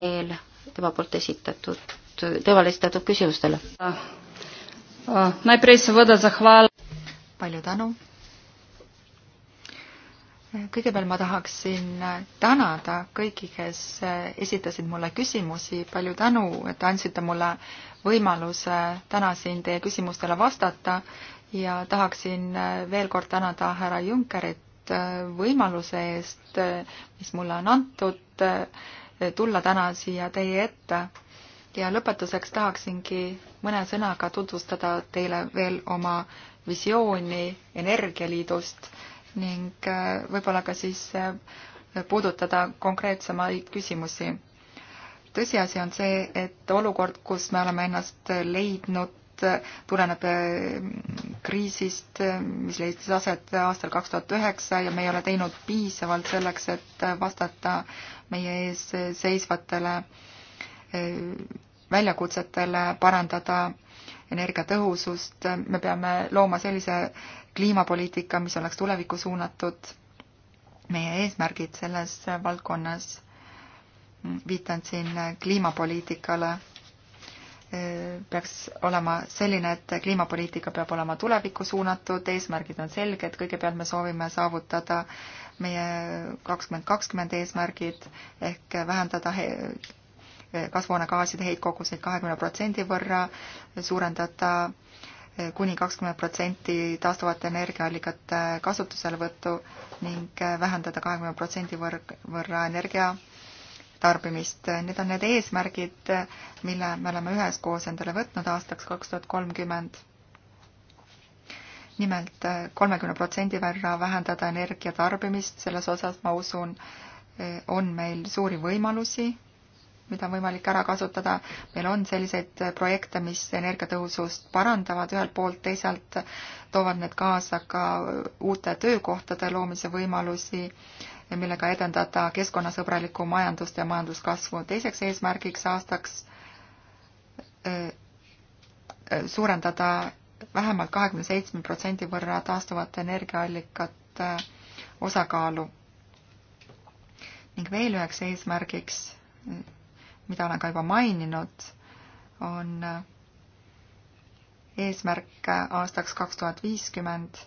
veel tema poolt esitatud, temale esitatud küsimustele. palju tänu. kõigepealt ma tahaksin tänada kõiki, kes esitasid mulle küsimusi, palju tänu, et andsite mulle võimaluse täna siin teie küsimustele vastata ja tahaksin veel kord tänada härra Junckerit võimaluse eest, mis mulle on antud tulla täna siia teie ette ja lõpetuseks tahaksingi mõne sõnaga tutvustada teile veel oma visiooni Energialiidust ning äh, võib-olla ka siis äh, puudutada konkreetsemaid küsimusi. tõsiasi on see, et olukord, kus me oleme ennast leidnud, tuleneb mm, kriisist, mis leidis aset aastal kaks tuhat üheksa ja me ei ole teinud piisavalt selleks, et vastata meie ees seisvatele eh, väljakutsetele, parandada energiatõhusust, me peame looma sellise kliimapoliitika, mis oleks tulevikku suunatud. meie eesmärgid selles valdkonnas, mm, viitan siin kliimapoliitikale peaks olema selline, et kliimapoliitika peab olema tulevikku suunatud, eesmärgid on selged, kõigepealt me soovime saavutada meie kakskümmend kakskümmend eesmärgid ehk vähendada kasvuhoonegaaside heitkoguseid kahekümne protsendi võrra, suurendada kuni kakskümmend protsenti taastuvate energiaallikate kasutuselevõttu ning vähendada kahekümne protsendi võrra energia tarbimist. Need on need eesmärgid, mille me oleme üheskoos endale võtnud aastaks kaks tuhat kolmkümmend. nimelt kolmekümne protsendi võrra vähendada energia tarbimist, selles osas ma usun, on meil suuri võimalusi, mida on võimalik ära kasutada. meil on selliseid projekte, mis energiatõhusust parandavad ühelt poolt, teisalt toovad need kaasa ka uute töökohtade loomise võimalusi millega edendada keskkonnasõbralikku majandust ja majanduskasvu. teiseks eesmärgiks aastaks äh, äh, suurendada vähemalt kahekümne seitsme protsendi võrra taastuvate energiaallikate äh, osakaalu. ning veel üheks eesmärgiks, mida olen ka juba maininud, on eesmärk aastaks kaks tuhat viiskümmend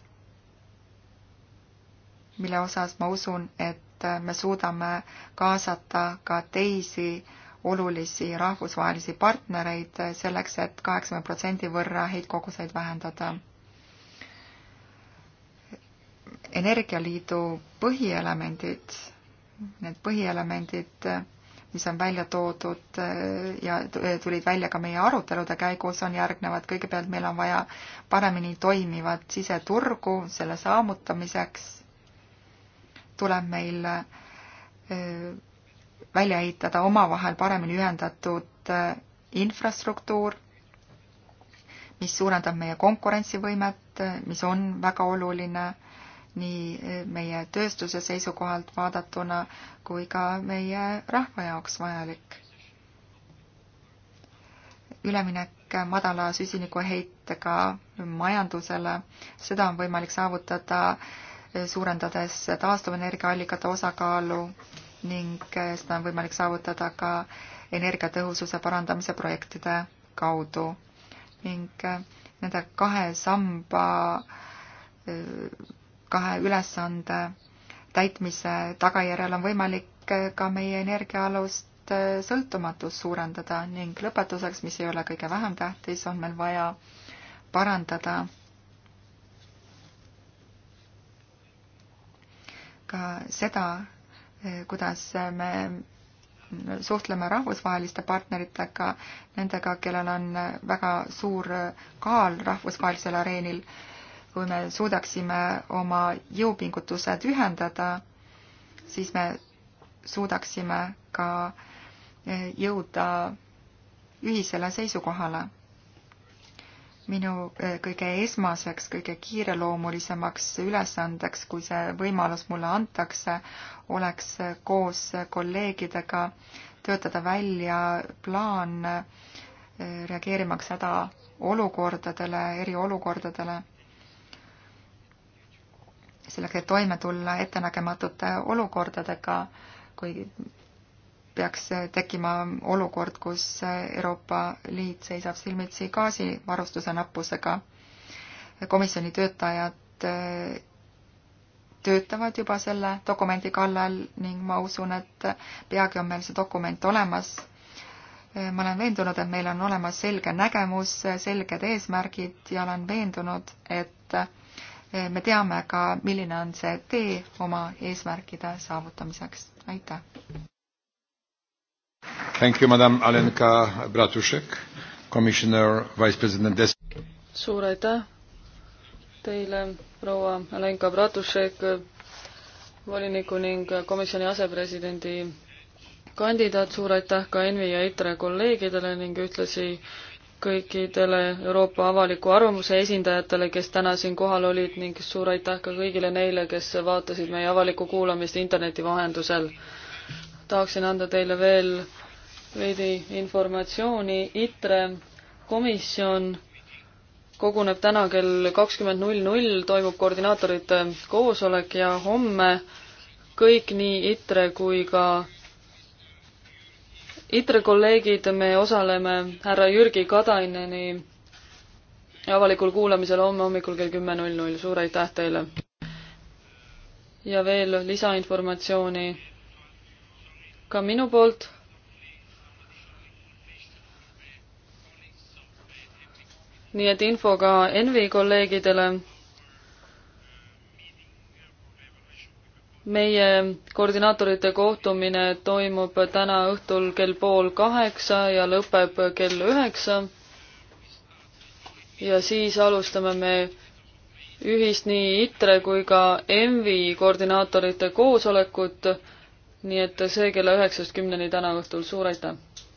mille osas ma usun, et me suudame kaasata ka teisi olulisi rahvusvahelisi partnereid selleks et, et kaheksakümne protsendi võrra heitkoguseid vähendada. energialiidu põhielemendid, need põhielemendid, mis on välja toodud ja tulid välja ka meie arutelude käigus, on järgnevad. kõigepealt meil on vaja paremini toimivat siseturgu selle saamutamiseks tuleb meil välja ehitada omavahel paremini ühendatud infrastruktuur, mis suurendab meie konkurentsivõimet, mis on väga oluline nii meie tööstuse seisukohalt vaadatuna kui ka meie rahva jaoks vajalik. üleminek madala süsinikuheitega majandusele, seda on võimalik saavutada äh, suurendades taastuvenergiaallikate osakaalu ning seda on võimalik saavutada ka energiatõhususe parandamise projektide kaudu ning äh, nende kahe samba, äh, kahe ülesande täitmise tagajärjel on võimalik äh, ka meie energiaalust sõltumatust suurendada ning lõpetuseks, mis ei ole kõige vähem tähtis, on meil vaja parandada ka seda, eh, kuidas me suhtleme rahvusvaheliste partneritega, nendega, kellel on väga suur kaal rahvusvahelisel areenil. kui me suudaksime oma jõupingutused ühendada, siis me suudaksime ka eh, jõuda ühisele seisukohale minu e, kõige esmaseks, kõige kiireloomulisemaks ülesandeks, kui see võimalus mulle antakse, oleks koos kolleegidega töötada välja plaan e, reageerimaks hädaolukordadele, eriolukordadele, selleks, et toime tulla ettenägematute olukordadega, kui peaks tekkima olukord, kus Euroopa Liit seisab silmitsi gaasivarustuse nappusega. komisjoni töötajad eh, töötavad juba selle dokumendi kallal ning ma usun, et peagi on meil see dokument olemas. Eh, ma olen veendunud, et meil on olemas selge nägemus, selged eesmärgid ja olen veendunud, et eh, me teame ka, milline on see tee oma eesmärkide saavutamiseks. aitäh! Thank you, madam Alenka Bratušek, commissioner, vice president Des-. suur aitäh teile, proua Alenka Bratušek, voliniku ning komisjoni asepresidendi kandidaat, suur aitäh ka ENVI ja ITRE kolleegidele ning ühtlasi kõikidele Euroopa avaliku arvamuse esindajatele, kes täna siin kohal olid ning suur aitäh ka kõigile neile, kes vaatasid meie avalikku kuulamist interneti vahendusel. tahaksin anda teile veel veidi informatsiooni. ITRE komisjon koguneb täna kell kakskümmend null null, toimub koordinaatorite koosolek ja homme kõik nii ITRE kui ka ITRE kolleegid, me osaleme härra Jürgi Kadaineni avalikul kuulamisel homme hommikul kell kümme null null, suur aitäh teile! ja veel lisainformatsiooni ka minu poolt nii et info ka Envi kolleegidele. meie koordinaatorite kohtumine toimub täna õhtul kell pool kaheksa ja lõpeb kell üheksa. ja siis alustame me ühist nii ITRE kui ka ENVI koordinaatorite koosolekut. nii et see kella üheksast kümneni täna õhtul, suur aitäh!